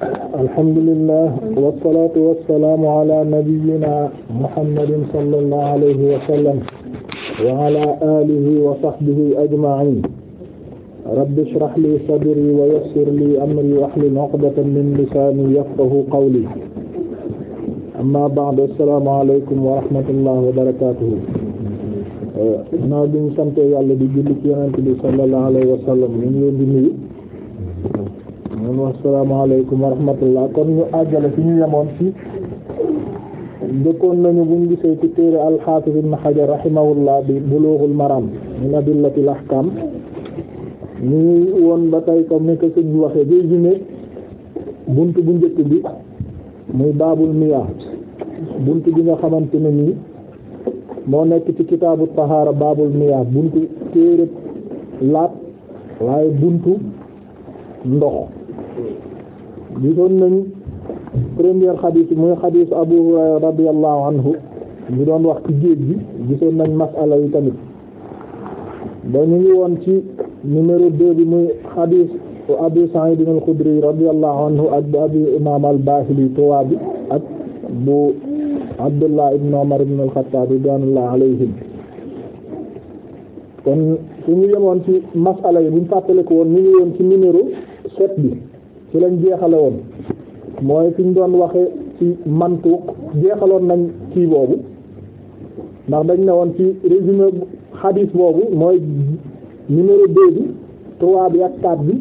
alhamdulillah wasalaatu wasalaamu ala nabiyyina muhammadin sallallahu alayhi wa sallam wa ala alihi wa sahbihi ajma'in rabbi ishrah li sadri wa yassir li amri wahlul uqdatan min lisani yafqahu qawli amma ba'du assalamu alaykum wa rahmatullahi wa barakatuh naa duñ sante yàlla di julli ci yonent bi sallallahu alayhi wa sallam ñu ngi leen di nuyu mun asalaamaaleykum wa rahmatullah kon ñu àggale fi ñu yemoon ci dëkkoon nañu mu gisee ci téere al-Hafiz ibn Hajar rahimahullah bi Bulughul Maram min adillatil ahkam ñu woon ba tey comme ni ko sëñ waxee day jume bunt bu njëkk bi muy baabul miyaa bunt bi nga xamante ne nii moo nekk ci kitaabu tahaara baabul miyaa buntu téere laat waaye buntu ndox gisoon nañu premier xadiis muy xadiis Abu Hurayra radiyallahu anhu ñu doon wax ci géej gi gisoon nañ masala yi tamit dañu ngi woon ci numéro deux bi muy xadiis Abu Sa'id al-Khudri radiyallahu anhu ak bu Abi Imam al-Bahili tuwaa bi ak bu Abdullah ibn Umar ibn al-Khattab ridwanullahi alayhim kon su ñu yemoon ci masala yi buñ fàttale ko woon ñu ngi woon ci numéro sept bi ci lañ jeexale woon mooy fi ñu doon waxe ci mantuq jeexaloon nañ kii boobu ndax dañ ne woon ci résumé xadiis boobu mooy numéro deux bi trois bi ak quatre bi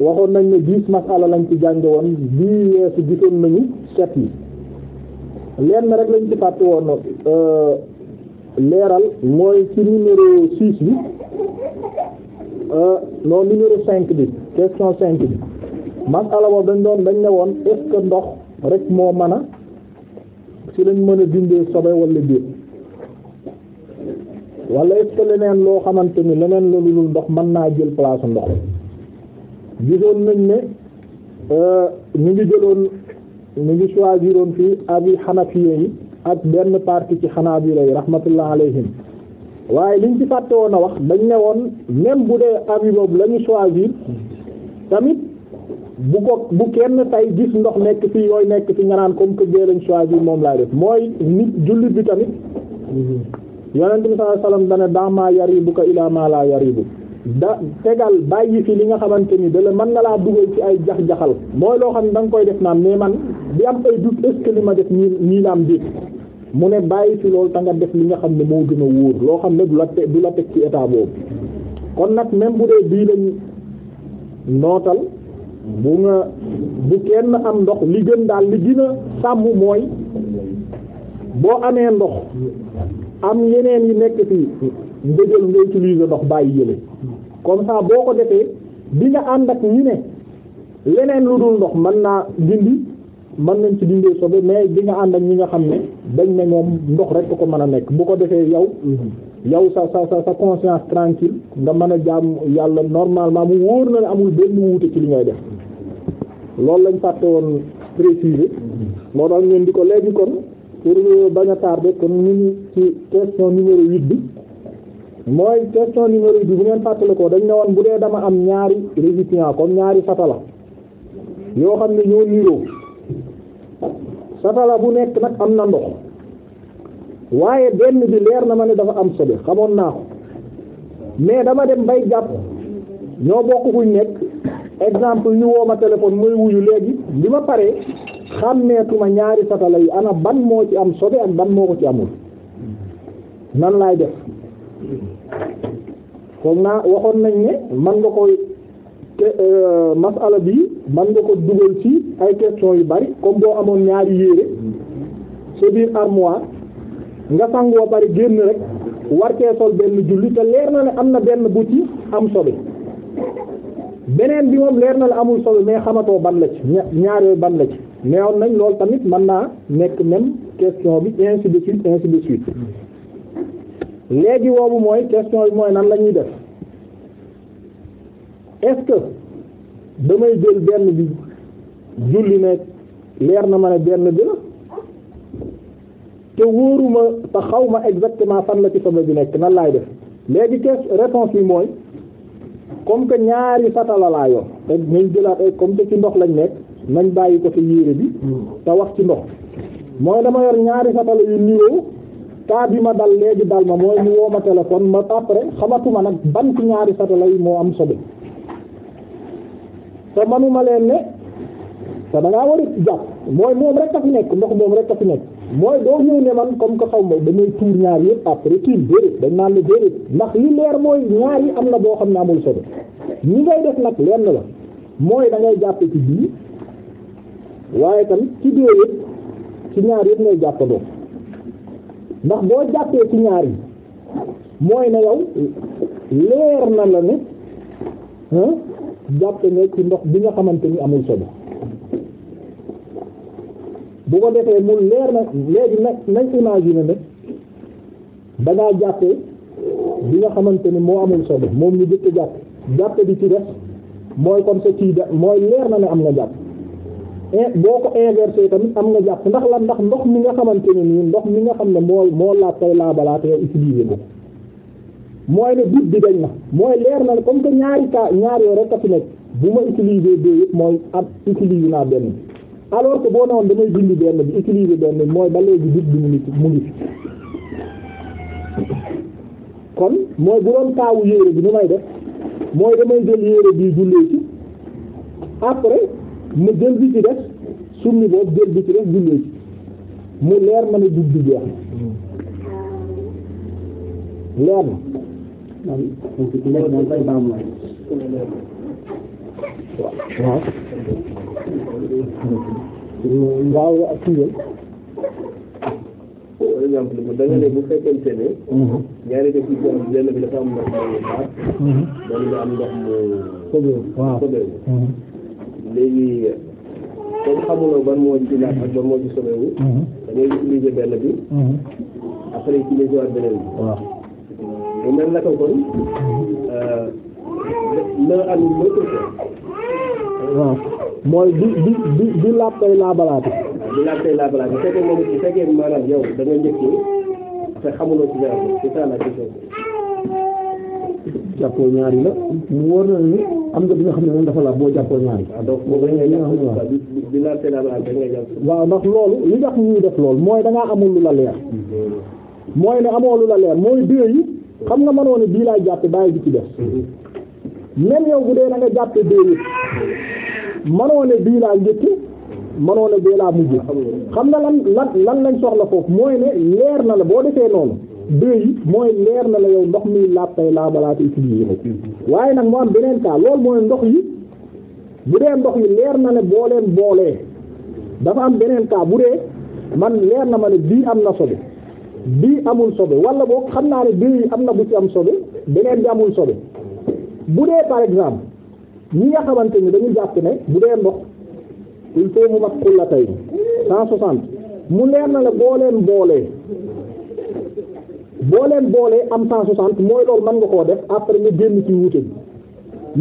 waxoon nañ ne dix masala lañ ci jànge woon bii weesu gisoon nañu sept yi lenn rek lañ ci fàtte woon euh, leeral mooy ci numéro six bi euh, non numéro cinq bi question cinq bi masala boobu dañ doon dañ ne woon est-ce ndox rek moo mën a ci lañ mën a dindee sobe wala déet wala est leneen loo xamante ni leneen la lulul ndox mën naa jël place ndox gisoon nañ ne euh, ñu ngi jëloon ñu ngi choisiroon fii avis xanafiye yi ak benn partie ci xanaabila yi rahmatullah alayhim waaye liñ ci fàtte woon a wax dañ ne woon même bu dee avis boobu la ñu tamit bu ko bu kenn tey gis ndox nekk fi yooyu nekk ci nga naan comme que bee lañ choisir moom laa def mooy nit jullit bi tamit yonent bi sallallahu alayhi wasallam dana daa maa yaribuka ilaa maa laa yaribu da tegal bàyyi fi li nga xamante ni dala man na laa dugal ci ay jax-jaxal mooy loo xam ne da koy def naan mais man bi am ay doute est li ma def nii nii la am mu ne bàyyi fi loolu te nga def li nga xam ne moo gën a wóor loo xam ne du la te du la teg ci état boobu kon nag même bu dee bii bu nga bu kenn am ndox li gën daal li gën sàmm mooy boo amee ndox am yeneen yi nekk fii ndëjël nga utiliser ndox bàyyi yële comme ça boo ko defee di nga ànd ak ñu ne leneen lu dul ndox mën naa dindi mën nañ ci dindee sobe mais bi nga ànd ak ñi nga xam ne dañ ne moom ndox rek ko ko mën a nekk bu ko defee yow yow sa sa sa sa conscience tranquille nga mën a jaam yàlla normalement mu wóor na ne amul benn wuute ci li ngay def loolu lañ fàtte woon préciser moo tax ñun di ko léegi kon pour bañ a tardé kon ñu ngi ci question numéro huit bi mooy question numéro huit bi bu ngeen fàttale ko dañ ne woon bu dee dama am ñaari récipient comme ñaari satala yoo xam ne ñoo niroo satala bu nekk nag am na ndox waaye benn bi leer na ma ne dafa am sobe xamoon naa ko mais dama dem bay jàpp ñoo bokk buñ nekk exemple ñu woo ma téléphone mooy wuyu léegi bi ma paree xàmmeetuma ñaari satala yi ana ban moo ci am sobe ban moo ko ci amul nan laay def foog naa waxoon nañ ne man nga koy te euh, masala bi man nga ko dugal ci ay question yu bari comme boo amoon ñaari yére sa biir armoire nga sangoo bari génn rek war cee benn julli te leer na ne am na benn bu ci am sobe beneen bi moom leer na la amul solo mais xamatoo ban la ci ñaar yooyu ban la ci neewoon nañ lool tamit man naa nekk même question bi ainsi de suite ainsi de suite léegi woobu mooy question bi mooy nan la ñuy def est-ce que damay jël benn bi julli ne leer na ma ne benn bi la te wóoruma te xaw ma exactement fan la ci sobe bi nekk nan laay def léegi question réponse bi mooy comme que ñaari satala laa yor jëlaat ay comme que ci ndox lañ nekk nañ bàyyi ko ci yére bi te wax ci ndox mooy dama yor ñaari satala yu niroo kaa bi ma dal léegi bal ma mooy ñu woo ma téléphone ma xamatuma nag bant ñaari satala moo am sobe te manuma leen ne te dangaa war a jàpp mooy moom rek a fi nekk ndox moom rek a fi nekk mooy doo ñëw ne man comme que xaw ma damay tuur ñaar yëpp après tuur déedéet dañ naan la déedéet ndax li leer mooy ñaar yi am na boo xam ne amul solo ñi ngay def nag lenn la mooy dangay ngay jàpp ci bii waaye tamit ci biir ci ñaar yëpp ngay jàppandoo ndax boo jàppee ci ñaar yi mooy na yow leer na la ne jàpp ne ci ndox bi nga xamante ni amul solo bu ko defee mu leer na léegi nag nañ imaginer ne da ngaa jàppee bi nga xamante ni moo amul solo moom ñu jëkk jàpp jàpp bi ci def mooy comme ça ci da mooy leer na ne am na jàpp boo ko inversé tamit am na jàpp ndax la ndax ndox mi nga xamante ne nii ndox mi nga xam ne moo moo laaj tey balaa nga utilisé ko mooy ne bit di dañ na mooy leer na comme que ñaari cas ñaar yoo rek a fi nekk bu ma utilisé bee yëpp mooy ab utilisé naa benn alors que boo newoon damay dindi benn bi utiliser benn bi mooy ba léegi bit bi mu ngi mu ngi kon mooy bu doon taawu yére bi nu may def mooy damay jël yére bi jullee ci après ma jël bi summi boobu jël bi ci def jullee ci leer ma ne bit bi jeex leer waaw waaw waaw kii par exemple da nga ne bu fekkente ne. ñaari dëkk yi am lenn bi dafa am ndox mu baax. benn bi am ndox mu. sobeewu waaw sobeewu. léegi comme xamuloo ban moo ci laaj ak ban moo ci sobeewu. da ngay utiliser benn bi. après utiliser waat beneen bi. waaw. mu mel naka kon. na am mbëq. waaw mooy di di di di laabtay laabalaate. di laabtay laabalaate bu fekkee moom bu fekkee nga ci dara c'est ça la question. jàppoo ñaari la mu wóor na ni am nga bi nga xam ne moom dafa la boo jàppoo ñaari. Ah, donc boobu dañ nga jàpp di waaw ndax loolu li tax ñuy def loolu mooy da ngaa amul lu la leer. mooy ne amoo lu la leer mooy deux xam nga mënoon ne bii laay jàppe bàyyi bi ci def. Mm-hmm. même yow bu dee da nga jàppe mënoo ne bii laa njëkk mënoo ne bee laa mujj xam na lan lan lan lañ soxla foofu mooy ne leer na la boo defee noonu deux yi mooy leer na la yow ndox mi laab tey laa balaa te utiliser ko waaye nag mu am beneen cas loolu mooy ndox yi bu dee ndox yi leer na ne boo leen boolee dafa am beneen kaa bu dee man leer na ma ne bii am na sobe bii amul sobe wala boo xam naa ne deux am na bu ci am sobe beneen bi amul sobe bu dee par exemple. ñi nga xamante ni dañu jàpp ne bu dee ndox il faut mu mat xullatay cent soixante mu leer na la boo leen boolee boo leen boolee am cent soixante mooy loolu man nga koo def après ñu génn ci wuute bi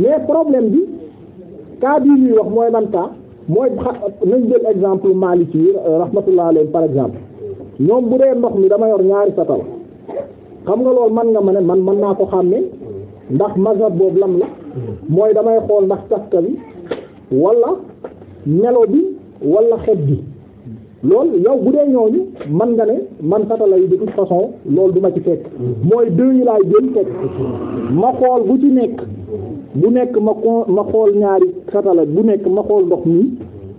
mais problème bi cas yi ñuy wax mooy man cas mooy nañ jël exemple Maliki yi euh, rahmatullah alayhi par exemple ñoom bu dee ndox mi dama yor ñaari satal xam nga loolu man nga ma ne man mën naa ko xàmmee ndax mazhab boobu lam la mooy damay xool ndax cafka bi wala melo bi wala xet gi lool yow bu dee ñooñu man nga ne man satala yi de toute façon loolu duma ci fekk mooy deux yi laay jël fekk ma xool bu ci nekk bu nekk ma ko ma xool ñaari satala bu nekk ma xool ndox mi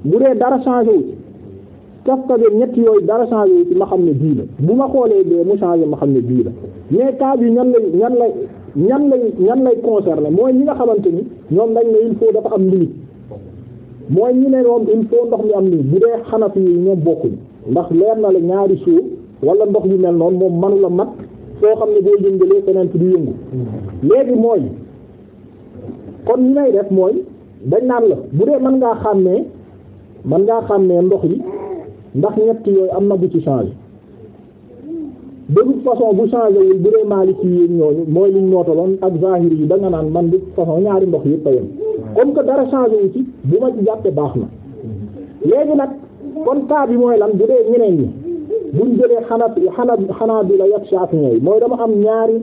bu dee dara changé wu ci cafka bi ñett yooyu dara changé wu ci ma xam ne bii la bu ma xoolee bee mu changé ma xam ne bii la mais cas bi ñan la ñan la ñan lay ñan lay concerner mooy ñi nga xamante ni ñoom dañ ne il dafa am limite mooy ñi ne ñoom il faut ndox mi am limite bu dee xanaf yi ñoom bokkuñu ndax leer na la ñaari suuf wala ndox yu mel noonu moom manu la mat soo xam ne boo yëngalee feneen ki du yëngu léegi mooy kon ñi ngay def mooy dañ naan la bu dee mën ngaa xàmmee mën ngaa xàmmee ndox yi ndax ñett yooyu am na bu ci changé de toute bu changé wul bu dee Maliki yi ñooñu mooy liñ nootaloon ak zahiri yi danga naan man de toute ñaari ndox yëpp a yem comme que dara changé wu ci bu ma jàppee baax na léegi nag kon cas bi mooy lan bu dee ñeneen ñi buñ jëlee xanaa xanaa xanaa bi la yab Shafi'i mooy dama am ñaari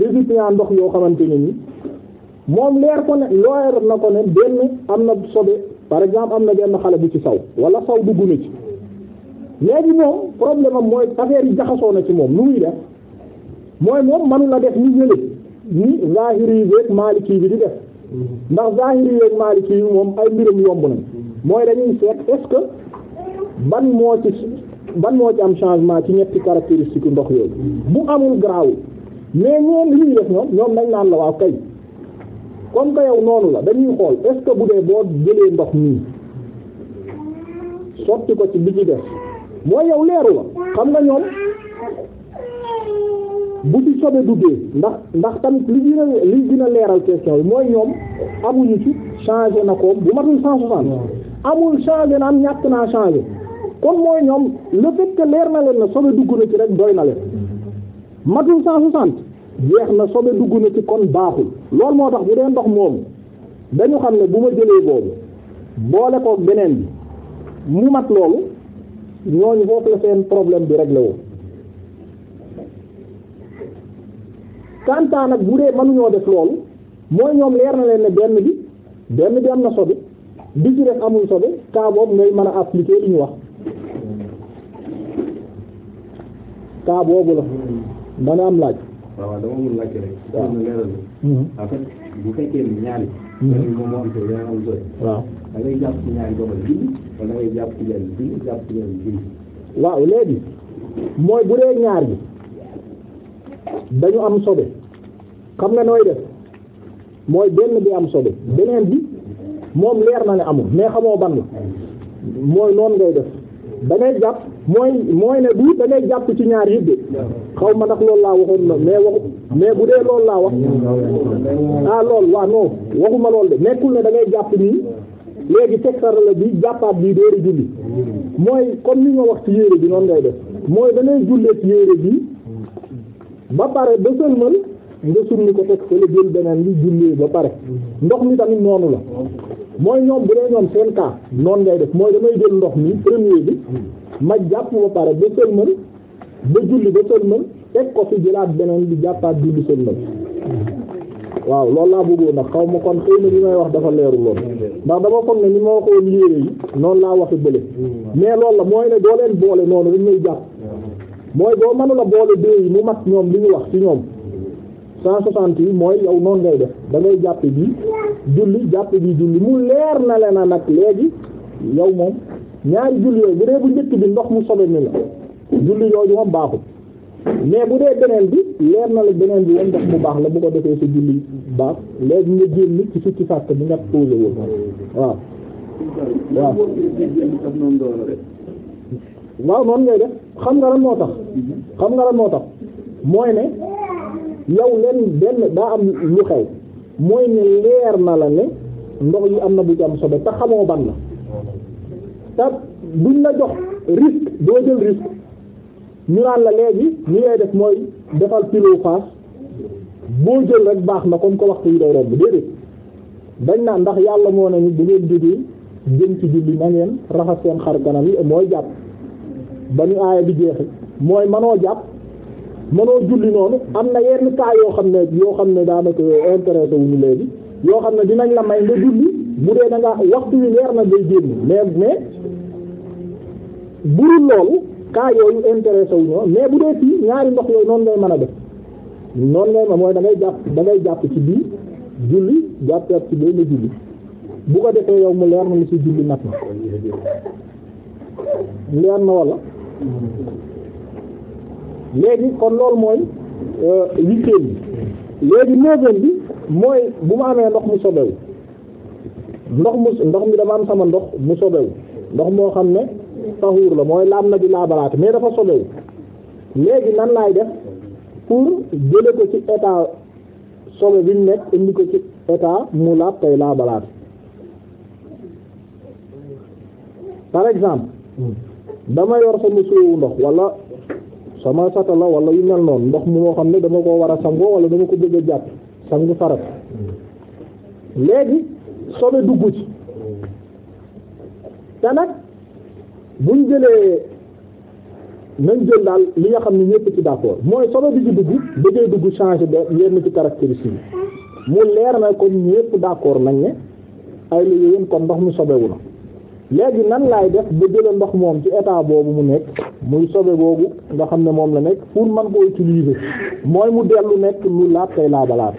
récipient ndox yoo xamante ne ni moom leer ko ne looyar na ko ne benn am na sobe par exemple am na benn xale bu ci saw wala saw dugg na léegi moom problème am mooy affaire yi jaxasoo na ci moom nu muy def mooy moom manu la def ni ñële ni zahiri yi beeg maliki bi di def ndax zahiri yi beeg maliki yi moom ay mbirum yomb nañ mooy dañuy seet est-ce que ban moo ci ban moo ci am changement ci ñetti caractéristique ndox yooyu bu amul garaaw mais ñoom li ñuy def ñoom ñoom dañ naan la waaw kay comme que yow noonu la dañuy xool est-ce bu dee boo jëlee ndox nii sotti ko ci bi ci def mooy yow leeru la xam nga ñoom bu ci sobe duggee ndax ndax tamit li dina li gën leeral question bi mooy ñoom amuñu ci changé na ko bu matul cent soixante amul changé na am ñàkk naa changé kon mooy ñoom le fait que leer na leen na sobe duggu na ci rek doy na leen matul cent soixante jeex na sobe duggu na ci kon baaxul loolu moo tax bu dee ndox moomu dañu xam ne bu ma jëlee boobu boole ko beneen bi mu mat loolu ñooñu foofu la seen problème bi réglé wu kantaan nag bu dee mënuñoo def loolu mooy ñoom leer na leen ne benn bi benn bi am na sobe bi ci def amul sobe cas ngay mën a appliquer li ñu wax cas boobu la mën am laaj hmm. hmm. moo am sobe waaw da ngay jàpp ci ñaari dogal julli wala da ngay jàpp waaw léegi mooy bu dee ñaar bi dañu am sobe xam nga nooy def mooy benn bi am sobe beneen bi moom leer na ne amul mais xamoo ban la mooy noonu ngay def da ngay jàpp mooy mooy ne du da jàpp ci ñaar yëpp de xaw ma ndax loolu laa waxoon na mais waxu mais bu dee loolu laa wax ah loolu waaw non waxuma loolu de nekkul ne da ngay jàpp nii léegi tegtara la bi jàppaat bi door a julli mooy comme li nga wax ci yére bi noonu ngay def mooy dangay jullee ci yére bi ba pare ba sëlmal nga summi ko teg fële jël beneen bi jullee ba pare ndox mi tamit noonu la mooy ñoom bu dee ñoom seen cas noonu ngay def mooy damay jël ndox mi premier bi ma jàpp ba pare ba sëlmal ba julli ba sëlmal teg ko fi jëlaat beneen bi jàppaat julli sëlmal waaw loolu laa bëggoon nag xaw ma kon xëy na li may wax dafa leerul lool ndax dama foog na ni ma waxoon yére yi noonu laa wax bële hmm. mais loolu la mooy ne doo leen boole noonu dañ lay jàpp hmm. mooy boo mënula boole deux yi mu mat ñoom li ñu wax ci ñoom cent soixante yi mooy yow noonu ngay def da ngay jàpp bi julli jàpp bi julli mu leer na le na nag léegi yow moom ñaari julli yooyu bu bu njëkk bi ndox mu sobe ni la julli yooyu moom baaxul mais bu dee beneen bi leer na la beneen bi woon ndax bu baax la bu ko defee sa julli baax léegi nga génn ci sukki sàkk bi nga posé waaw waaw waaw noonu ngay xam nga lan moo tax xam nga lan moo tax mooy ne yow leen benn daa am lu xew mooy ne leer na la ne ndox yi am na bu ci am sobe te xamoo ban la te buñ la jox risque doo jël risque ñu naan la léegi ñu ngay def mooy defal pilo face boo jël rek baax na comme ko waxtu yi day romb déedéet dañ naan ndax yàlla moo nañu bu ngeen jógee jëm ci julli na ngeen raxas seen xar kanam yi mooy jàpp ba ñu aaya bi jeexe mooy manoo jàpp manoo julli noonu am na yenn cas yoo xam ne yoo xam ne daanaka intéressé wuñu léegi yoo xam ne dinañ la may nga julli bu dee da nga waxtu wi leer na day génn mais mais burul loolu cas yooyu intéressé wu ñoo mais bu dee fii ñaari ndox yooyu noonu ngay mën a def noonu ngay mooy da ngay jàpp da ngay jàpp ci bii julli jàppaat ci bee nga julli bu ko defee yow mu leer na mu ci julli nag na leer na walla léegi kon loolu mooy euh, huitième bi léegi neuvième bi mooy bu ma amee ndox mu sobewu ndox mu ndox mi dama am sama ndox mu sobewu ndox moo xam ne taxuur la mooy laab na di laabalaate mais dafa sobewu léegi nan laay def pour jële ko ci état sobe bi mu nekk indi ko ci état mu laab tey laabalaate par exemple damay yor sama soowu ndox wala sama sata la wala yu mel noonu ndox mu moo xam ne dama ko war a sangoo wala dama ko bëgg a jàpp sangu farat léegi sobe dugg ci te nag bu ñu jëlee nañ jël daal li nga xam ne ñëpp ci d'accord mooy solo bi ci dugg bëggee dugg changer de yenn ci caractéristiques yi mu leer na comme ñëpp d'accord nañ ne ay la yéen kon ndox mi sobewu na léegi nan laay def ba jële ndox moom ci état boobu mu nekk muy sobe boobu nga xam ne moom la nekk pour mën ko utiliser mooy mu dellu nekk lu laab tey laabalaat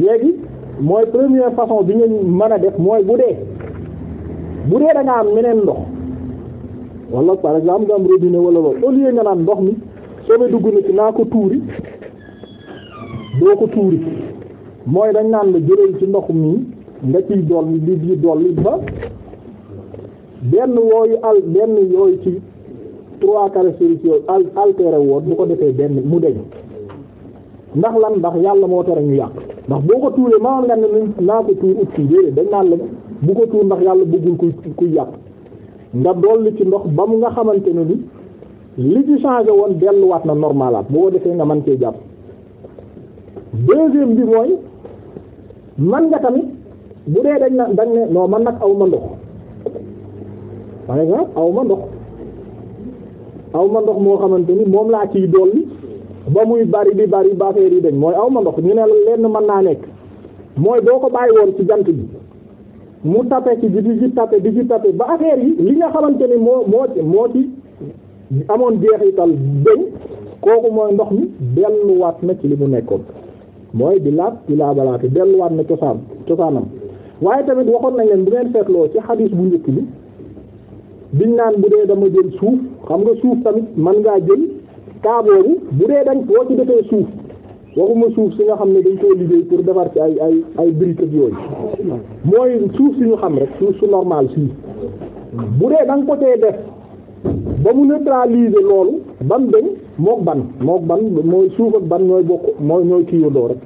léegi mooy première façon bi ngeen mën a def mooy bu dee bu dee da am meneen ndox wala par exemple nga am robinet wala loolu au lieu nga naan ndox mi soobee dugg na ci naa ko tuuri doo ko tuuri mooy dañ naan la jëlal ci ndox mi nga ciy dolli li di dolli ba benn wooyu al benn yooyu ci trois caractéristiques yooyu al altéré woon bu ko defee benn mu deñ ndax lan ndax yàlla moo tere ñu yàq ndax boo ko tuuree maa nga ne naa ko tuur ut si déedéet dañ naan la bu ko tuur ndax yàlla bëggul kuy kuy yàq nga dolli ci ndox ba mu nga xamante ne ni li ci changé woon delluwaat na normalaat bu ko defee nga man cee jàpp deuxième bi mooy man nga tamit bu dee dañ na dañ ne non man nag awma ndox par exemple aw ma ndox aw ma ndox moo xamante ni moom laa ciy dolli ba muy bari di bari ba affaire yi mooy aw ma ndox ñu ne lenn mën naa nekk mooy doo ko bàyyi woon ci jant bi mu tapé ci di ci tapé di ci tapé ba affaire yi li nga xamante ni moo moo moo ci amoon jeex jeexital dañ kooku mooy ndox mi delluwaat na ci li mu nekkoon mooy di laat di laabalaate delluwaat na cosaan cosaanam waaye tamit waxoon nañ leen bu ngeen seetloo ci xadiis bu njëkk bi biñ naan bu dee dama jël suuf xam nga suuf tamit mën ngaa jël kaa boobu bu dee dañ boo ci defee suuf waxuma suuf si nga xam ne dañ koy liggéey pour defar ci ay ay ay briques ak yooyu mooy suuf si ñu xam rek suuf su normal si bu dee da nga ko tee def ba mu neutraliser loolu ban dañ mook ban moo ban mooy suuf ak ban ñooy bokk mooy ñooy kii yóndoo rek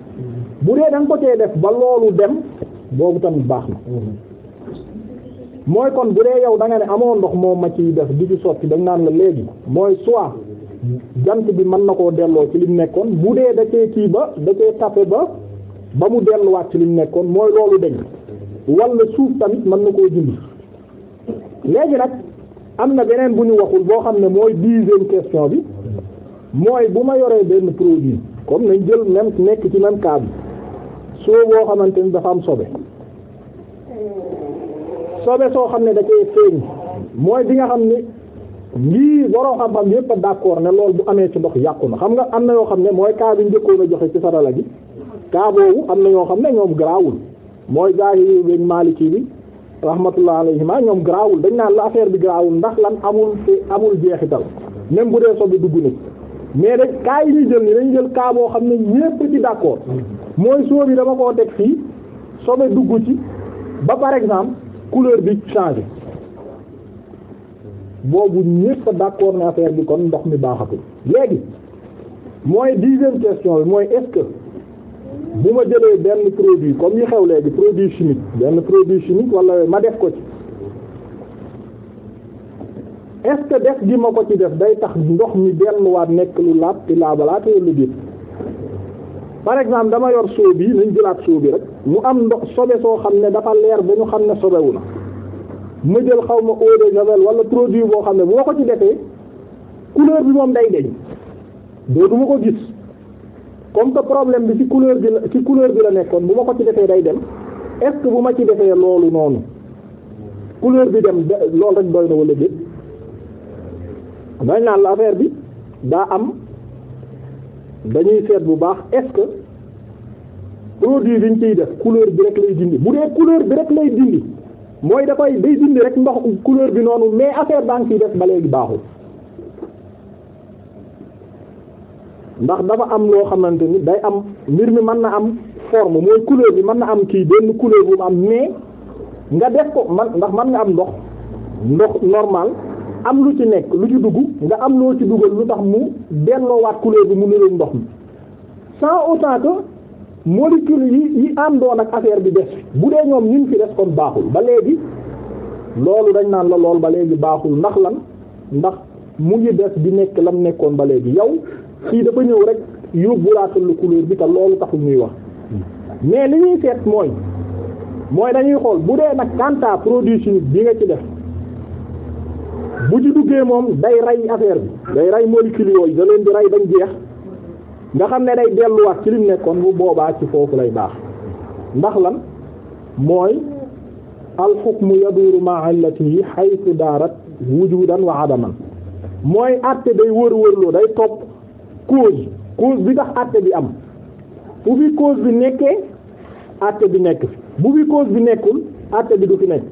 bu dee da nga ko tee def ba loolu dem boobu tamit baax na mooy kon bu dee yow da nga ne amoo ndox moo ma ciy def di ci sotti dañ naan la léegi mooy soit jant bi mën na koo delloo ci lim nekkoon bu dee da cee kii ba da cee tafe ba ba mu delluwaat ci lim nekkoon mooy loolu dañ walla suuf tamit mën na koo dindi léegi nag am na beneen bu ñu waxul boo xam ne mooy dixième question bi mooy bu ma yoree benn produit comme nañ jël même nekk ci même cas bi soo boo xamante ni dafa am sobe sobe soo xam ne da cee feeñ mooy bi nga xam ne lii waroo xam-xam yépp a d'accord ne loolu bu amee ci ndox yàqu na xam nga am na yoo xam ne mooy cas bi njëkkoon a joxe ci sarala gi cas boobu am na yoo xam ne ñoom garaawul mooy Zaahiri beeg Maliki bi rahmatullah alayhima ñoom garaawul dañ naan la affaire bi garaawul ndax lan amul amul jeexital même bu dee sobi dugg na mais rek cas yi ñuy jël ni dañ jël cas boo xam ne ñépp ci d'accord mooy soo yi dama koo teg fii sobe dugg ci ba par exemple couleur bi changé boobu ñëpp d'accord na affaire bi kon ndox mi baaxatul léegi mooy dixième question bi mooy est-ce bu ma jëlee benn produit comme yi xew léegi produit chimique benn produit chimique wala ma def ko ci est-ce que def gi ma ko ci def day tax ndox mi delluwaat nekk lu laab laa laabalaat wala déet par exemple dama yor soo bi nañ jëlaat soo bi rek mu am ndox sobe soo xam ne dafa leer ba ñu xam ne sobewu na ma jël xaw ma eau de javel wala produit boo xam ne bu ma ko ci defee couleur bi moom day deñ ma ko gis comme que problème bi ci couleur bi la nekkoon bu ma ko ci defee day dem est bu ma ci defee loolu noonu couleur bi dem loolu rek doy na wala déet naan la affaire bi daa am dañuy seet bu baax est-ce que produit bi ñu ciy def couleur bi rek lay dindi bu dee couleur bi rek lay dindi. mooy dafay day dindi rek ndox couleur bi noonu mais affaire banque yi def ba léegi baaxul ndax dafa am loo xamante ni day am mbir mi mën na am forme mooy couleur bi mën na am kii benn couleur bu mu am mais nga def ko man ndax mën nga am ndox ndox normal am lu ci nekk lu ci dugg nga am loo ci dugal lu tax mu delloowaat couleur bi mu niroog ndox mi sans autant que molécule yi yi àndoon ak affaire bi des bu dee ñoom ñun fi des kon baaxul ba léegi loolu dañ naan la lool ba léegi baaxul ndax lan ndax mu ngi des di nekk la mu nekkoon ba léegi yow fii dafa ñëw rek yóbbulaatal la couleur bi te loolu taxul ñuy wax mais li ñuy seet mooy mooy dañuy xool bu dee nag quant produit chimique bi nga ci def bu ci duggee moom day rey affaire bi day rey molécule yooyu da leen di rey dañ jeex nga xam ne day delluwaat ci lim nekkoon bu boobaa ci foofu lay baax ndax lan mooy alxukmu yaduuru ma'a illatihi haythu daarat wujudan wa adaman mooy àtte day wër wërloo day topp cause cause bi tax àtte bi am bu fi cause bi nekkee àtte bi nekk fi bu fi cause bi nekkul àtte bi du fi nekk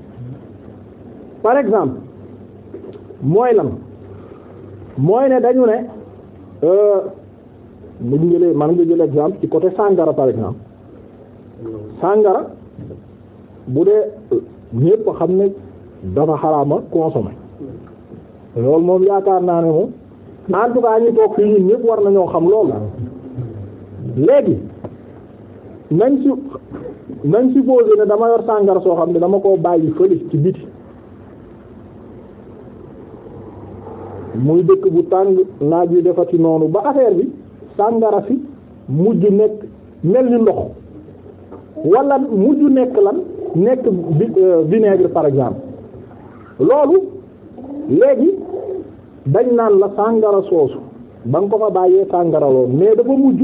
par exemple mooy lan mooy ne dañu ne euh, mu ñu jëlee man nga jël exemple ci côté sangara par exemple sangara bu dee ñépp xam ne dafa xaraama consommer loolu moom yaakaar naa ne moom en tout cas toog fii ñun ñépp war nañoo xam loolu léegi nañ si nañ supposé ne dama yor sàngara soo xam ne dama koo bàyyi fële ci biti muy dëkk bu tàng naaj yu ci noonu ba affaire bi sàngara si mujj nekk mel ni ndox wala mujj nekk lan nekk euh, vinaigre par exemple loolu léegi dañ naan la sàngara soosu ba nga ko fa bàyyee sàngara loolu mais dafa mujj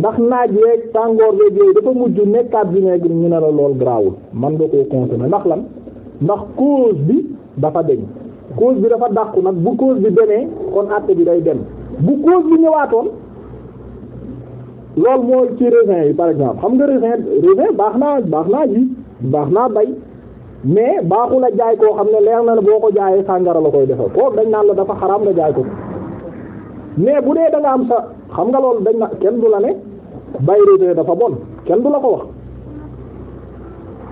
ndax naaj yeeg tàngoor beeg yooyu dafa mujj nekkaat vinaigre ñu ne la lool garaawul man nga koo consommer ndax lan ndax cause bi dafa deñ cause bi dafa dàqu nag bu cause bi demee kon àtte bi day dem bu cause bi ñëwaatoon loolu mooy ci raisin yi par exemple xam nga raisin raisin baax naa baax naa ji baax naa bay mais baaxul a jaay koo xam ne leer na ne boo ko jaayee sàngara la koy defal kooku dañ naan la dafa xaraam nga jaay ko mais bu dee da xam nga loolu dañ na kenn du la ne bay raisin dafa bon kenn du la ko wax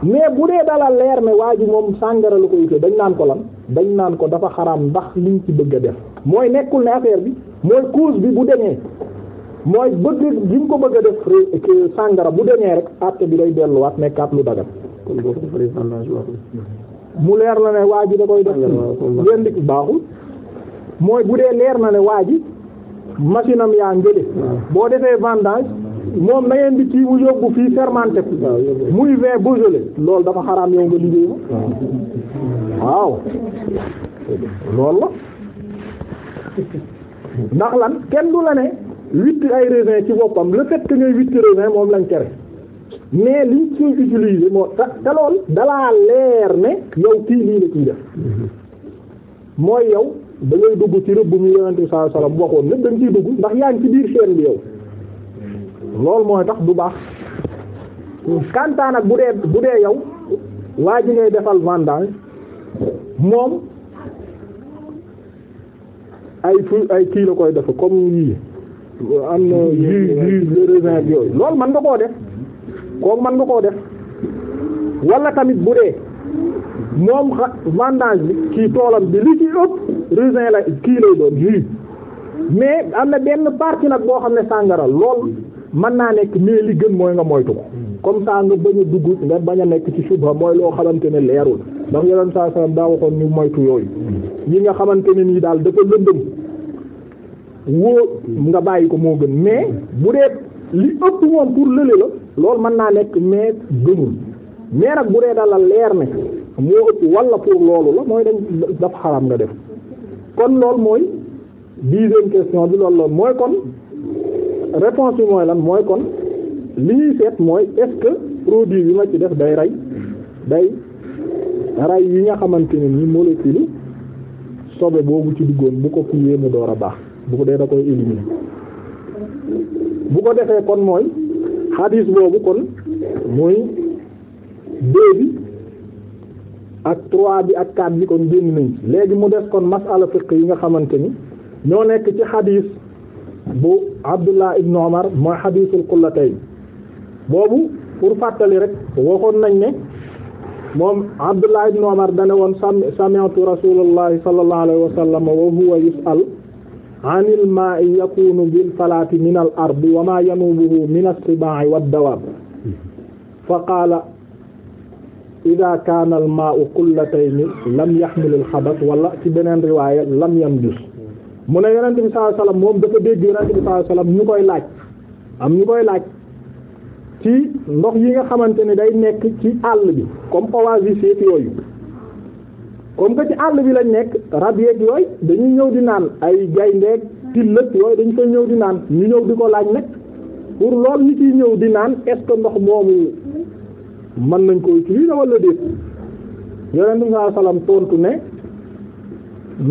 mais bu dee dala leer ne waa ji moom sàngara la koy dañ naan ko lan dañ naan ko dafa xaraam ndax liñ ci bëgg a def. mooy nekkul ne affaire bi mooy cause bi bu demee mooy bëgg gi mu ko bëgg a def sàngara bu demee rek àtte bi day delluwaat nekkaat lu dagat mu leer na ne waa ji da koy def leen di baaxul mooy bu dee leer na ne waa ji machine am yaa ngële boo defee vendange moom na ngeen di kii mu yóbbu fii fermenté ko muy vin beaujolais loolu dafa xaraam yow nga liggéey ma waaw loolu la ndax lan kenn du la ne witti ay raisin ci boppam le fait ngay witti raisin moom lañ tere mais liñ ciy utiliser moo te te lool dalaa leer ne yow kii lii la ciy def mooy yow da dugg ci rëbb mi yonent bi sallallahu alayhi lépp da ciy dugg ndax yaa ngi ci biir chaîne bi yow loolu mooy tax du baax kantaan ak bu dee bu dee yow waa ji ngay defal vendange moom ay fu ay kii la koy defe comme yii am na jus jus de raisin yooyu loolu mën nga koo def kooku mën nga koo def wala tamit bu dee moom xa vendange bi kii toolam bi li ci ëpp la kii lay doon jus mais am na benn partie nag boo xam ne sàngara lool mën naa nekk mais li gën mooy nga moytu ko comme ça nga bañ a dugg nga bañ a nekk ci subha mooy loo xamante ne leerul ndax yeneen saa salaam daa waxoon ñu moytu yooyu yi nga xamante ne nii daal dafa lëndëm woo nga bàyyi ko moo gën mais bu dee li ëpp moom pour lële la lool mën naa nekk mais gënul mais nag bu dee dala leer ne moo ëpp wala pour loolu la mooy dañ dafa xaram nga def kon loolu mooy dixième question bi loolu la mooy kon réponse bi mooy lan mooy kon li ñuy seet mooy est-ce que ma ci def day ray day rey yi nga xamante ne ni molécule sobe boobu ci duggoon bu ko kiiwee mu door a baax bu ko dee da koy éliminer bu ko defee kon mooy xadiis boobu kon mooy deux bi ak trois bi ak quatre bi kon génn nañ léegi mu des kon masala fiqh yi nga xamante ni ñoo nekk ci xadiis bu Abdullah ibn Umar mooy xadiisul qullatayn boobu pour fàttali rek waxoon nañ ne moom Abdullah ibn Umar dane woon sami'tu rasulullahi sallallahu alayhi wa sallam wa huwa yus'al anil ma'i yakunu bil falati min al ardi wa ma yanubuhu min as-siba'i wad dawab fa qaala ida kaana al ma'u qullatayni lam yahmil al xabat wala ci beneen riwaaya lam yanjus mu ne yonente bi sallallahu alayhi wa sallam moom dafa dégg yonente bi sallallahu alayhi wa sallam ñu koy laaj am ñu koy laaj ci ndox yi nga xamante ne day nekk ci àll bi comme oasis yi yooyu comme que ci àll bi lañ nekk rab yeeg yooyu dañuy ñëw di naan ay gayndeeg tillëg yooyu dañ koy ñëw di naan ñu ñëw di ko laaj nag pour loolu ñu ciy ñëw di naan est ndox moomu mën nañ ko utiliser wala déet yonent bi sallallahu alayhi tontu ne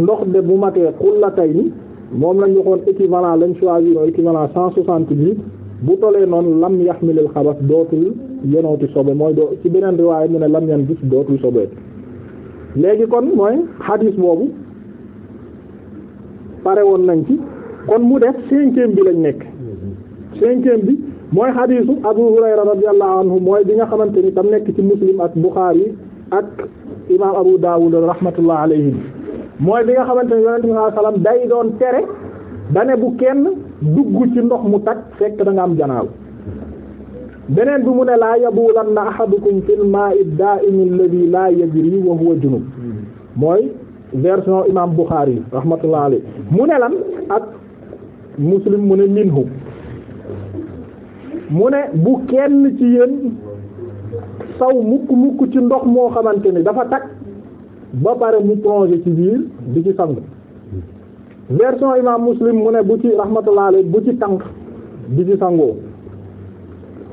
ndox de bu matee la tay ni moom lañ waxoon équivalent lañ choisir équivalent cent soixante litres bu tolee noonu lam yaxmilil xabas dootul yenooti sobe mooy doo ci beneen riwaay mu ne lam yan gis dootul sobe léegi kon mooy xadiis boobu pare woon nañ ci kon mu def cinquième bi lañ nekk cinquième bi mooy xadiisu Abu Hurayra radiyallahu anhu mooy bi nga xamante ni tam nekk ci Muslim ak Bukhari ak imaam Abu Dawud rahmatullah alayhim mooy bi nga xamante ni yonent bi sallam day doon tere dane bu kenn dugg ci ndox mu tag fekk danga am janaaw beneen bi mu ne laa yabulanna ahadukum fil ma'i da'im alladhi la yajri wa huwa junub mooy version imam Bukhari rahmatullah alayhi mu ne lan ak muslim mu ne minhu mu ne bu kenn ci yéen saw mukk mukk ci ndox moo xamante ni dafa tag ba pare mu plongé ci biir di ci sangu version imam muslim mu ne bu ci rahmatullah alayhi bu ci tànk bi ci sangoo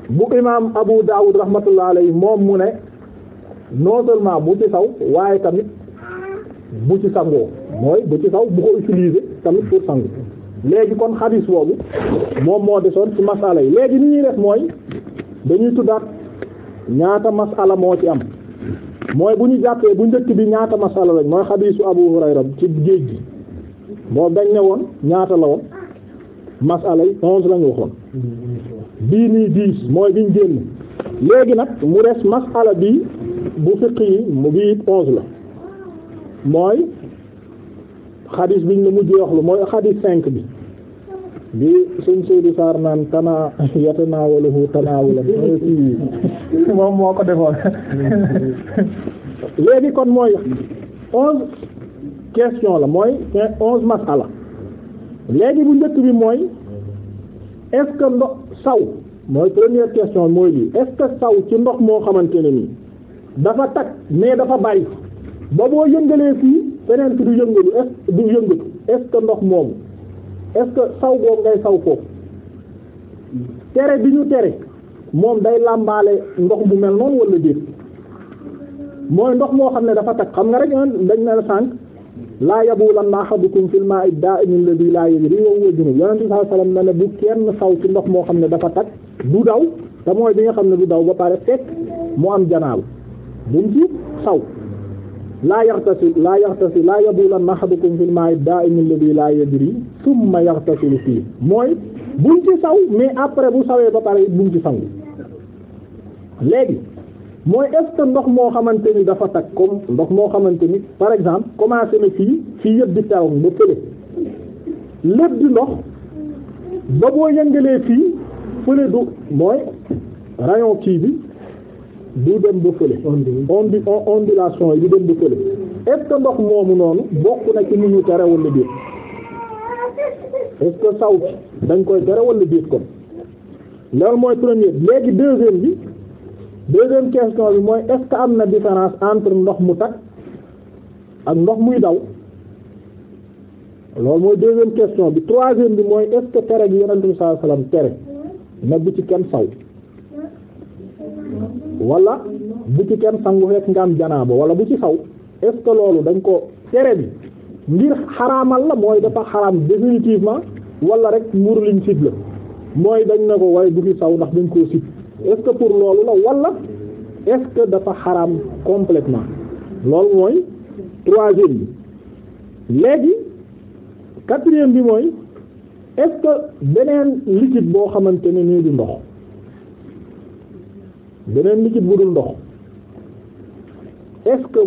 bu imam abu dawud rahmatullah alayhi moom mu ne non bu ci saw waaye tamit bu ci sangoo mooy bu ci saw bu ko utiliser tamit pour sangu léegi kon xadis boobu moom moo desoon ci masala yi léegi ni ñuy def mooy dañuy tuddaat ñaata masala moo ci am mooy bu ñu jàppee bu njëkk bi ñaata masala lañ mooy xadisu abu hurayra ci géej gi moo dañ ne woon ñaata la woon masala yi onze la waxoon bii nii dix mooy biñ génn léegi nag mu des masala bii bu fiq yi mu bii onze la mooy xadis biñ la mujj wax lu mooy xadis cinq bi bi suñ Seydou Sarr naan tana yata naawalahu tanaawula moom moo ko defoon léegi kon mooy onze question la mooy c'est onze masala léegi bu njëkk bi mooy est-ce ndox saw mooy première question mooy lii est-ce que saw ci ndox moo xamante ne nii dafa tag mais dafa bari ba boo yëngalee fii feneen fi du yëngalu est du yëngatu est-ce que ndox moomu est-ce que saw boobu ngay saw foofu tere bi ñu tere moom day làmbaale ndox mu mel noonu wala déet mooy ndox moo xam ne dafa tag xam nga rek dañ ne la sànq laa yabulanna ahadukum fil maa'i daa'imi alladhi laa yajri wa huwa junub yonent bi sallallahu alayhi wasallam na ne bu kenn saw ci ndox moo xam ne dafa tag du daw te mooy bi xam ne du daw ba pare fekk mu am janaaba mu ci saw laa yaxtasil laa yaxtasil laa yabulanna ahadukum fil maa'i daa'imi alladhi laa yajri thumma yaxtasilu fii mooy buñ ci saw mais après bu sawee ba pare buñ ci saw léegi mooy est-ce ndox moo xamante ni dafa tag comme ndox moo xamante ni par exemple commencé na fii fii yëpp di taw ba fële lépp di ndox ba boo yëngalee fii fële du mooy rayon kii bi du dem ba fële ondi yi du dem ndox moomu noonu bokk na ci ni ñu tere walla déet est-ce que dañ koy tere walla déet kon loolu mooy premier léegi deuxième bi deuxième question bi mooy est-ce que am na différence entre ndox mu tag ak ndox muy daw loolu mooy deuxième question bi troisième bi mooy est que tere gi yonent bi sallallahu alayhi wasallam tere na bu ci kenn saw walla bu ci kenn sangu fekk nga am janaaba wala bu ci saw est-ce loolu dañ ko tere bi ngir xaraamal la mooy dafa xaraam définitivement wala rek mur liñ sib la mooy dañ na ko waaye bu fi saw ndax dañ ko sib est-ce que pour loolu la wala est-ce que dafa xaraam complètement loolu mooy troisième bi léegi quatrième bi mooy est-ce beneen liquide boo xamante ne nii du ndox beneen liquide bu dul ndox est-ce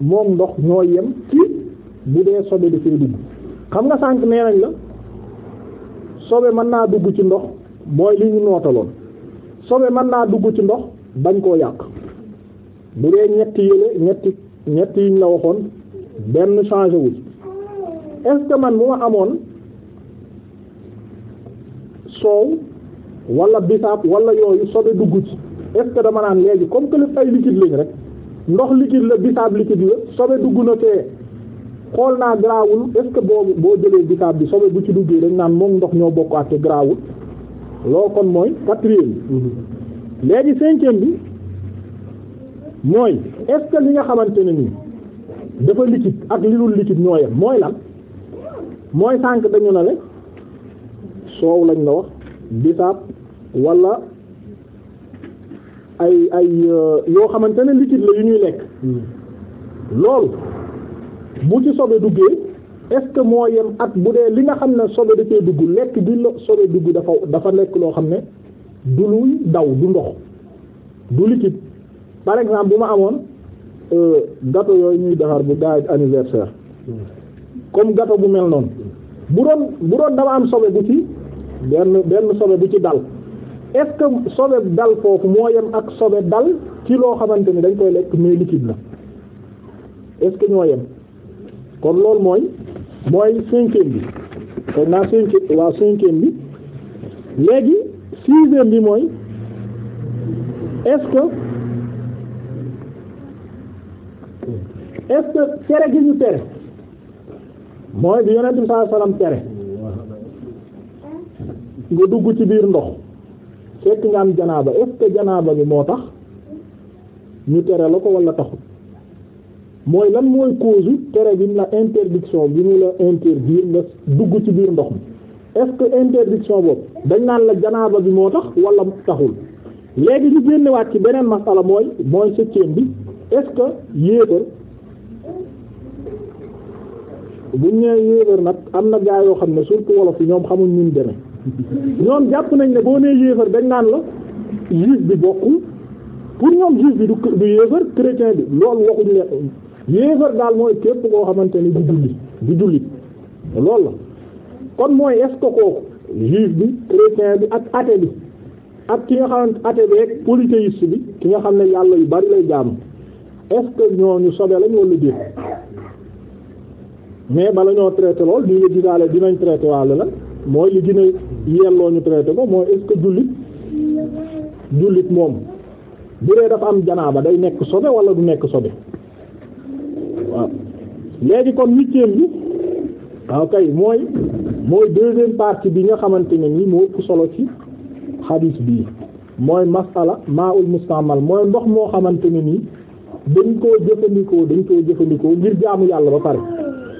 moom ndox ñoo yem ci bu dee sobe dafay dugg xam nga sànq nee nañ la sobe mën naa dugg ci ndox mooy li ñu nootaloon sobe man naa dugg ci ndox bañ koo yàq bu dee ñetti yële ñetti ñetti yiñ la waxoon benn changé wu est-ce que man mu ma amoon soow wala bisaab wala yooyu sobe dugg ci est-ce que dama naan léegi comme que lépp ay liquide lañ rek ndox liquide la bisaab liquide la sobe dugg na fee xool naa garaawul est-ce boo boo jëlee bisaab bi sobe bu ci duggee dañ naan moom ndox ñoo bokk ak garaawul loolu kon mooy quatrième bi mhm. léegi bi mooy est-ce li nga xamante ne nii dafa liquide ak liquide ñoo yem mooy lan mooy sànq dañu na le soow lañ la wax bisaab wala ay ay euh, yoo xamante ne liquide la yu ñuy lekk mhm. loolu bu ci sobe duggee est-ce que moo yem ak bu dee li nga xam ne sobe da cee lekk bi la sobe dafa dafa nekk loo xam ne du luy daw du ndox du liquide par exemple bu ma amoon euh, gâteau yooyu ñuy defar bu gaa anniversaire comme gâteau bu mel noonu bu doon bu doon dama am sobe bu ci benn benn sobe bu ci dal est-ce sobe dal foofu moo yem ak sobe dal ci loo xamante ni dañ koy lekk mais liquide la est ñoo yem kon loolu mooy mooy cinquième bi kon naa cinquième waa cinquième bi léegi sixième bi mooy est-ce que est tere gi ñu tere mooy bi yonent bi sallallahu tere nga dugg ci biir ndox fekk nga am janaaba est-ce que janaaba bi moo tax ñu tere la ko walla taxut mooy lan mooy cause tere bi la interdiction bi mu la interdire nga dugg ci biir ndox mi est-ce que interdiction boobu dañ naan la janaaba bi moo tax wala taxul léegi ñu génnewaat ci beneen masala mooy mooy septième bi est-ce que yéefar buñ nee yéefar nag am na gaa yoo xam ne surtout wolof yi ñoom xamuñ ñu deme ñoom jàpp nañ ne boo nee yéefar dañ naan la juif bi bokkul pour ñoom juif bi du du yéefar bi loolu waxuñ ne yéefar daal mooy képp koo xamante ni du jullit du jullit loolu la kon mooy est-ce kooku juif bi chrétien bi ak athée bi ak ki nga xam athée bi ak polythéiste bi ki nga xam ne yàlla yu bari lay jàmm est-ce que ñooñu sobe lañ walla déet mais bala ñoo traité lool di nga gisaale dinañ traité waale la mooy li gën a yelloo ñu traité ko mooy est-ce que jullit jullit moom bu dafa am janaaba day nekk sobe wala du nekk sobe léegi kon huitième bi ok mooy mooy deuxième partie bi nga xamante ne nii moo ëpp solo ci hadis bii mooy masala maa ul mustamal mooy ndox moo xamante ne nii dañ koo jëfandikoo dañ koo jëfandikoo ngir jaamu yàlla ba pare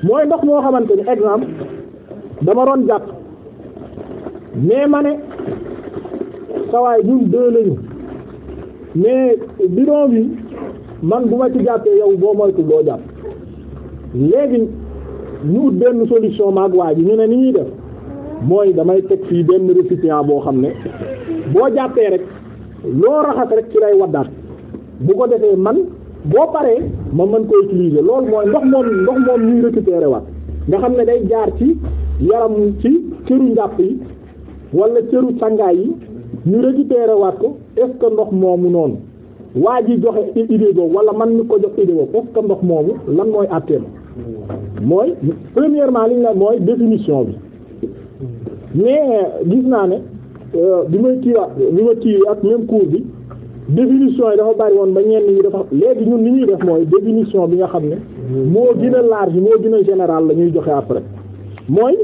mooy ndox moo xamante ni exemple dama doon jàpp mais ma ne sawaay ñun deux lañu mais bidon bi man bu ma ci jàppee yow boo moytu loo jàpp léegi ñu benn solution maag waa ji ñu ne ni ñuy def mooy damay teg fii benn récipient boo xam ne boo jàppee rek loo raxas rek ci lay waddaat bu ko defee man boo paree ma mën ko utiliser loolu mooy ndox moom ndox moom ñuy récupérer nga xam ne day jaar ci yaram ci cëru njàpp yi wala cëru sangaay yi ñu récupérer waat ko est-ce que ndox moomu noonu waa ji joxe idée boobu wala man mi ko jox idée boobu est que ndox moomu lan mooy àtteem mooy premièrement li ñu mooy définition bi mais gis naa ne euh, bi may kii wa bi ma kii ak même cours bi définition yi dafa bari woon ba ñenn ñi dafa léegi ñun ni ñuy def mooy définition bi nga xam ne moo gën a large moo gën a général la ñuy joxe après mooy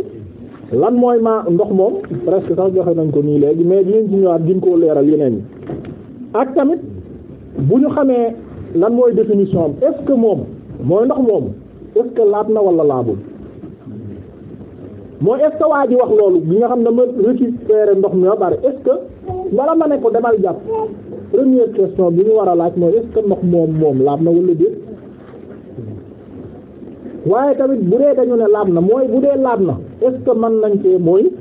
lan mooy maa ndox moom presque sax joxe nañ ko nii léegi mais dinañ ci ñëwaat gën koo leeral yeneen yi ak tamit bu ñu xamee lan mooy définition am est-ce moom mooy ndox moom est-ce laab na wala laabul mooy est-ce waa ji wax loolu bi nga xam ne ma récupérer ndox mi ba pare est-ce que wala ma ne ko demal jàpp première question bi ñu war a laaj mooy est-ce ndox moom moom laab na wala déet waaye tamit bu dee dañu ne laab na mooy bu dee laab na est man que mën nañ cee mooy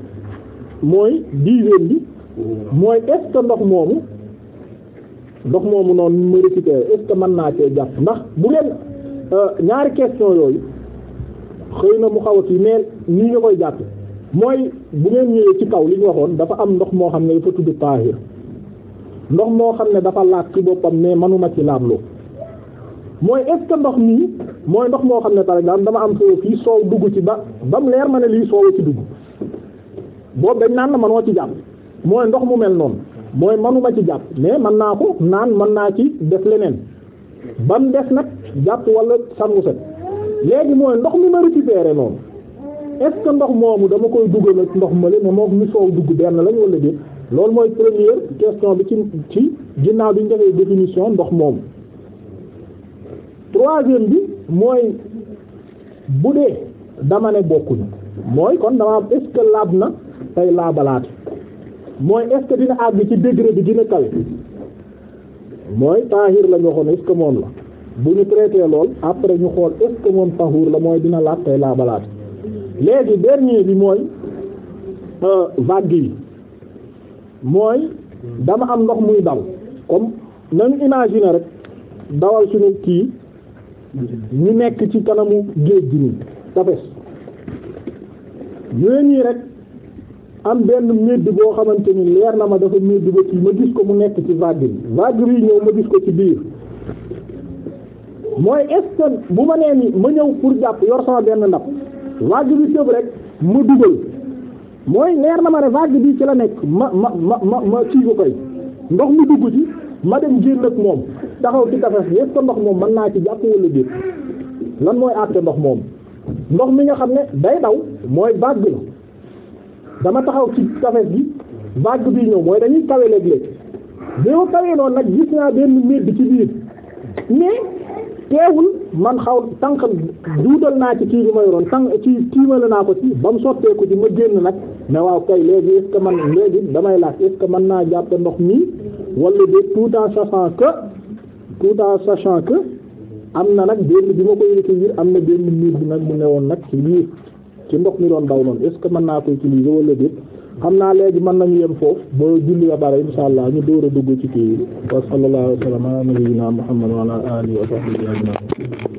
mooy dixième bi mooy est-ce ndox moomu ndox moomu noonu ma récupérer est-ce mën naa cee jàpp ndax bu leen Euh, ñaari question yooyu xëy na mu xaw a kii mais nii nga koy jàppe mooy bu ngeen ñëwee ci kaw li waxoon dafa am ndox moo xam ne dafa tudd taahir ndox moo xam ne dafa laaj ci boppam mais manuma ci laabloo mooy est ce que ndox mii mooy ndox moo xam ne par dama am soow fii soow dugg ci ba ba mu leer ma ne lii soowu ci dugg boobu dañ naan na manoo ci jàpp mooy ndox mu mel noonu mooy manuma ci jàpp mais man naa ko naan mën naa ci def leneen ba mu des nag jàpp wala sangu set léegi mooy ndox mi ma récupéré noonu est ndox moomu dama koy dugal ak ndox ma ne moom mi soow dugg benn lañ wala déet loolu mooy première question bi ci ci ginnaaw bi ñu defee définition ndox moomu troisième bi mooy bu dee dama ne bokkuñu mooy kon dama am est laab na tey laabalaate mooy est dina àgg ci degré bi dina kawe mooy taahir lañ waxoon est moom la bu ñu traité lool après ñu xool est ce que moom taxuur la mooy dina laat tey laabalaat léegi dernier bi mooy euh, vague yi mooy dama am ndox muy dal comme nañu imaginer rek dawal suñu kii ñu nekk ci kanamu géej gi nii nii rek am benn médd boo xamante ni leer na ma dafa médd ba kii ma gis ko mu nekk ci vague yi vague bi ñëw ma gis ko ci biir mooy est bu ma nee ni ma ñëw pour jàpp yor sama benn ndab vague bi sëb rek ma dugal mooy leer na ma ne vague bi ci la nekk ma ma ma ma ma kii ko koy ndox mu dugg ci ma dem génn ak moom taxaw ci tafes bi est ndox moom mën naa ci jàpp wala lan mooy àtte ndox moom ndox mi nga xam ne day daw mooy vague dama taxaw ci tafes bi vague bi ñëw mooy dañuy kawe léeg-léeg boo kawee noonu nag gis naa benn mbir ci biir mais. teewul man xaw sànq duudal naa ci kii bi ma yoroon sànq kii tiimale naa ko ci ba mu sotteeku ci ma génn nag ne waaw kay léegi est man léegi damay laaj est ce que mën naa jàpp ndox mi wala de tout en sachant que tout en sachant que am na nag benn bi ma ko yële ci am na benn miir bi nag mu ne woon nag ci biir ci ndox mi doon daw noonu est ce que mën naa ko utiliser wala déet xam naa léegi mën nañu yem foofu ba julli ba bare insha allah ñu door a dugg ci kii wa sallallahu alayhi wa sallam ala nabiyyina muhammad wa ala alihi wa sahbihi